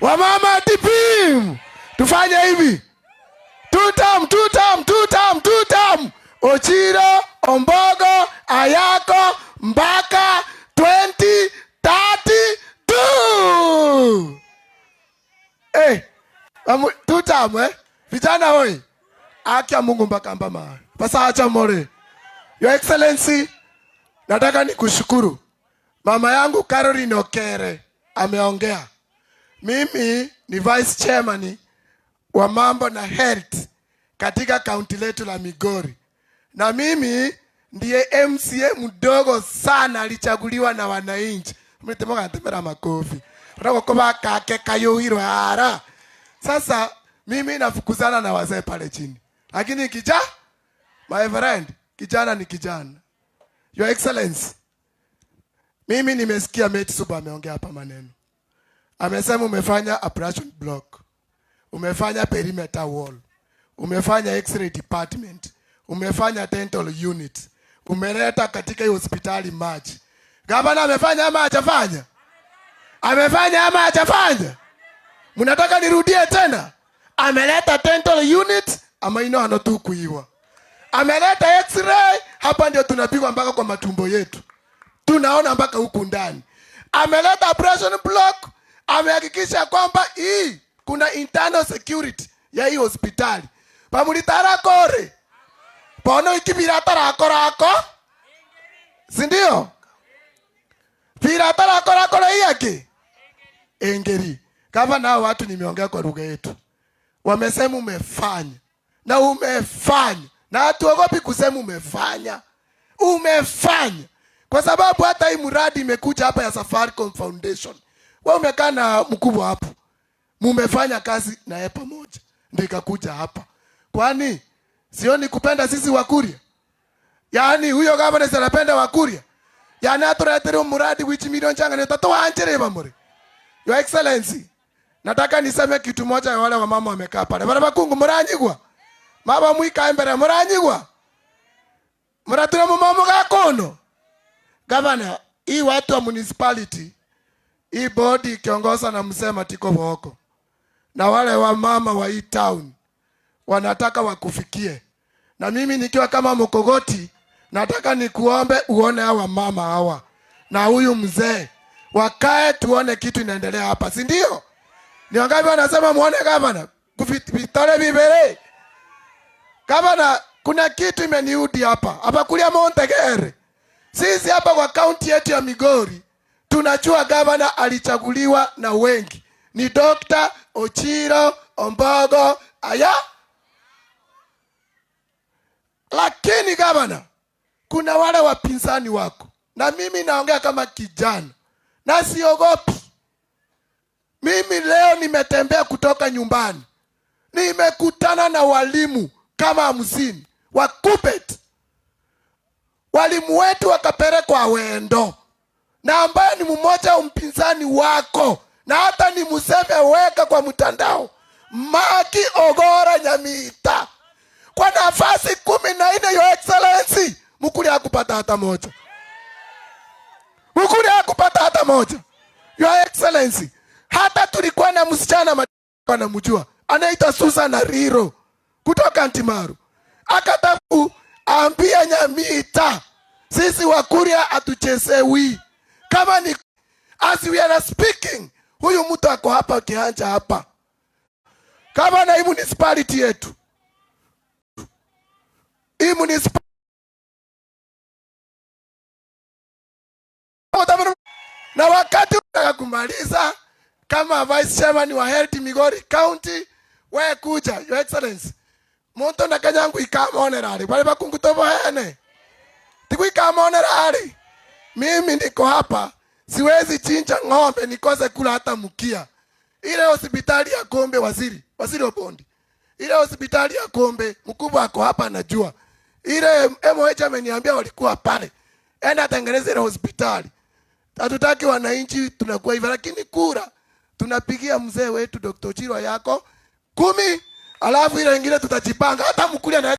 Wamama tipi, tufanye hivi tutam tutam tutam tutam. Ochira Ombogo, Ayako, Mbaka 2032 hey, eh, tutam eh? Vijana hoi akia Mungu mpaka mbama pasacha more. Your Excellency, nataka nikushukuru mama yangu Caroline Okere ameongea mimi ni vice chairman wa mambo na health katika kaunti letu la Migori, na mimi ndiye MCA mdogo sana alichaguliwa na wananchi mitemogatemera makofi ragokoba kake kayuhirwe ara. Sasa mimi nafukuzana na wazee pale chini, lakini kija my friend, kijana ni kijana. Your Excellency, mimi nimesikia Mate Suba ameongea hapa maneno Amesema umefanya operation block, umefanya perimeter wall, umefanya x-ray department, umefanya dental unit, umeleta katika hiyo hospitali maji. Gavana amefanya ama hajafanya? Amefanya ama hajafanya? Mnataka nirudie tena? Ameleta dental unit ama ino anatukuiwa ameleta x-ray hapa, ndio tunapigwa mpaka kwa matumbo yetu, tunaona mpaka huku ndani. Ameleta operation block amehakikisha kwamba hii kuna internal security ya hii hospitali pamulitara pamulitarako pono ikiviratarako rako, rako sindio kora rako yake engeri kama na watu nimeongea kwa lugha yetu wamesema umefanya na umefanya na hatuogopi kusema umefanya umefanya kwa sababu hata hii mradi imekuja hapa ya Safaricom Foundation we umekaa na mkubwa hapo, mumefanya kazi na yeye pamoja, ndio ikakuja hapa. Kwani sioni kupenda sisi Wakuria? Yaani huyo gavana anapenda Wakuria, yaani atuletere mradi wichi milioni changa ni tatoa anjere bamore. Your Excellency, nataka niseme kitu moja ya wale wamama wamekaa pale. Bana bakungu muranyigwa. Mama mwika embere muranyigwa. Muratuna mumamu gakono. Gavana, hii watu wa municipality hii bodi ikiongoza na mzee Matiko Woko na wale wa mama wa hii town wanataka wakufikie, na mimi nikiwa kama mkogoti, nataka nikuombe uone hawa mama hawa na huyu mzee wakae, tuone kitu inaendelea hapa, si ndio? Ni wangapi wanasema muone gavana vitole bibere gavana? Kuna kitu imeniudi hapa hapa kulia Montegere, sisi hapa kwa kaunti yetu ya Migori Tunajua gavana alichaguliwa na wengi, ni Dr. Ochiro Ombogo aya, lakini gavana, kuna wale wapinzani wako, na mimi naongea kama kijana na siogopi. Mimi leo nimetembea kutoka nyumbani, nimekutana na walimu kama hamsini wa KUPPET. Walimu wetu wakapelekwa Wendo na ambaye ni mmoja mpinzani wako na hata ni mseme weka kwa mtandao Maki Ogora Nyamita kwa nafasi kumi na nne yo excellency, mukuli akupata hata moja, mukuli akupata hata moja yo excellency. Hata tulikuwa na msichana anamjua anaitwa Susan Ariro kutoka Ntimaru, akataku ambia Nyamita, sisi Wakuria atuchesewi kama ni as we are speaking, huyu mtu ako hapa kianja hapa, kama na hii municipality yetu hii municipality na wakati unataka kumaliza kama vice chairman wa health Migori County, wewe kuja, your excellency muntu na kanyangu ikamonera ari bari bakungutobohene tigwikamonera ari mimi niko hapa, siwezi chinja ng'ombe nikose kula hata mkia. Ile hospitali ya Kombe, waziri waziri wa bondi, ile hospitali ya Kombe mkubwa ako hapa, anajua ile MOH ameniambia walikuwa pale, enda tengeneze ile hospitali. Hatutaki wananchi tunakuwa hivyo, lakini kura tunapigia mzee wetu Dr. Chirwa yako kumi, alafu ile nyingine tutajipanga, hata mkulia na